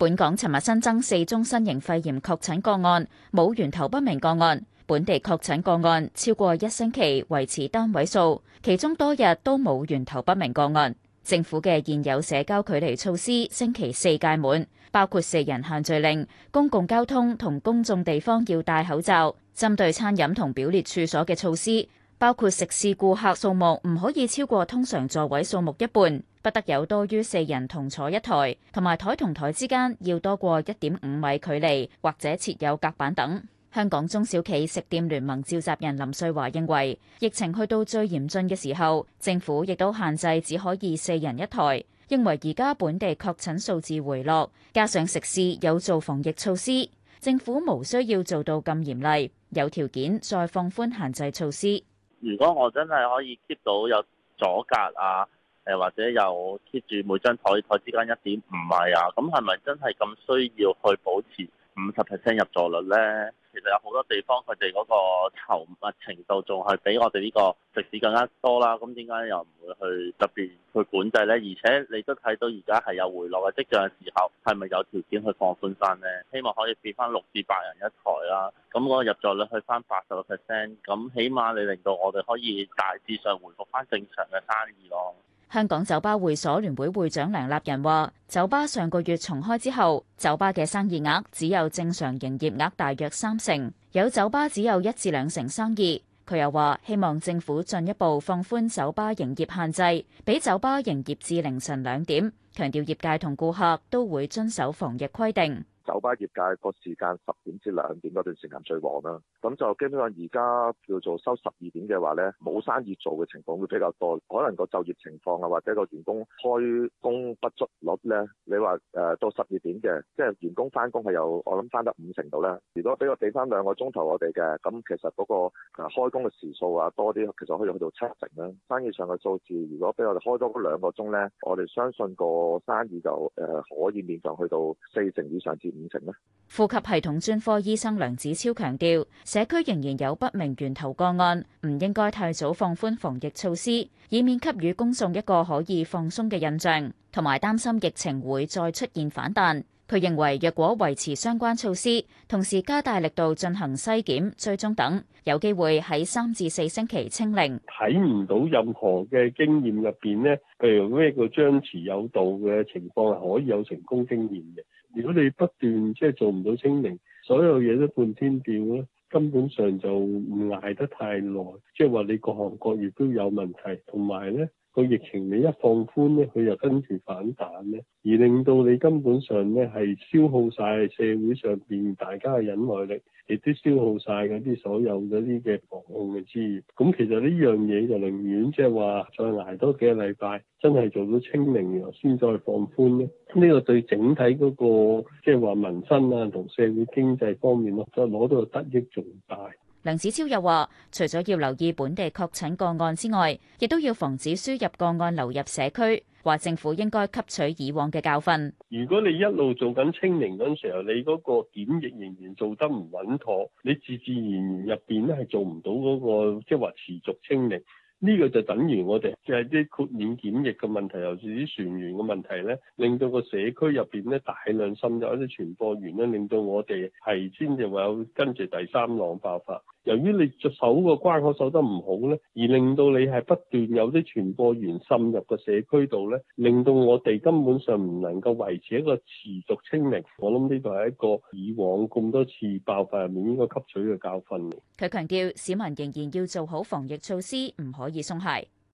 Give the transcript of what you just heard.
本港尋日新增四宗新型肺炎確診個案，冇源頭不明個案。本地確診個案超過一星期維持單位數，其中多日都冇源頭不明個案。政府嘅現有社交距離措施星期四屆滿，包括四人限聚令、公共交通同公眾地方要戴口罩。針對餐飲同表列處所嘅措施，包括食肆顧客數目唔可以超過通常座位數目一半。不得有多於四人同坐一台，同埋台同台之間要多過一點五米距離，或者設有隔板等。香港中小企食店聯盟召集人林瑞華認為，疫情去到最嚴峻嘅時候，政府亦都限制只可以四人一台。認為而家本地確診數字回落，加上食肆有做防疫措施，政府無需要做到咁嚴厲，有條件再放寬限制措施。如果我真係可以 keep 到有阻隔啊！誒，或者又貼住每張台，台之間一點五米啊，咁係咪真係咁需要去保持五十 percent 入座率呢？其實有好多地方佢哋嗰個稠密程度仲係比我哋呢個食肆更加多啦。咁點解又唔會去特別去管制呢？而且你都睇到而家係有回落嘅跡象嘅時候，係咪有條件去放寬翻呢？希望可以畀翻六至八人一台啦，啊，咁嗰個入座率去翻八十個 percent，咁起碼你令到我哋可以大致上回復翻正常嘅生意咯。香港酒吧會所聯會會長梁立仁話，酒吧上個月重開之後，酒吧嘅生意額只有正常營業額大約三成，有酒吧只有一至兩成生意。佢又話希望政府進一步放寬酒吧營業限制，俾酒吧營業至凌晨兩點，強調業界同顧客都會遵守防疫規定。酒吧業界個時間十點至兩點嗰段時間最旺啦、啊，咁就基本上而家叫做收十二點嘅話呢，冇生意做嘅情況會比較多，可能個就業情況啊或者個員工開工不足率呢。你話誒、呃、到十二點嘅，即係員工翻工係有，我諗翻得五成度咧。如果俾我俾翻兩個鐘頭我哋嘅，咁其實嗰個誒開工嘅時數啊多啲，其實可以去到七成啦、啊。生意上嘅數字，如果俾我哋開多嗰兩個鐘咧，我哋相信個生意就誒、呃、可以勉強去到四成以上至五成。呼吸系統專科醫生梁子超強調，社區仍然有不明源頭個案，唔應該太早放寬防疫措施，以免給予公眾一個可以放鬆嘅印象，同埋擔心疫情會再出現反彈。佢認為，若果維持相關措施，同時加大力度進行篩檢、追蹤等，有機會喺三至四星期清零。睇唔到任何嘅經驗入邊呢，譬如咩個張弛有道嘅情況係可以有成功經驗嘅。如果你不斷即係、就是、做唔到清零，所有嘢都半天吊咧，根本上就唔捱得太耐。即係話你各行各業都有問題同埋咧。個疫情你一放寬咧，佢又跟住反彈咧，而令到你根本上咧係消耗晒社會上邊大家嘅忍耐力，亦都消耗晒嗰啲所有嗰啲嘅防控嘅資源。咁其實呢樣嘢就寧願即係話再捱多幾個禮拜，真係做到清零。然後先再放寬咧。呢、這個對整體嗰、那個即係話民生啊同社會經濟方面咯，都攞到得益仲大。梁子超又話，除咗要留意本地確診個案之外，亦都要防止輸入個案流入社區。話政府應該吸取以往嘅教訓。如果你一路做緊清零嗰陣時候，你嗰個檢疫仍然做得唔穩妥，你自自然然入邊咧係做唔到嗰、嗰個即係話持續清零。呢、呢個就等於我哋就係啲豁免檢疫嘅問題，尤其是啲船員嘅問題咧，令到個社區入邊咧大量滲入一啲傳播源咧，令到我哋係先至話有跟住第三浪爆發。由於你著手個關口守得唔好咧，而令到你係不斷有啲傳播源滲入個社區度咧，令到我哋根本上唔能夠維持一個持續清零。我諗呢個係一個以往咁多次爆發入面應該吸取嘅教訓。佢強調，市民仍然要做好防疫措施，唔可以鬆懈。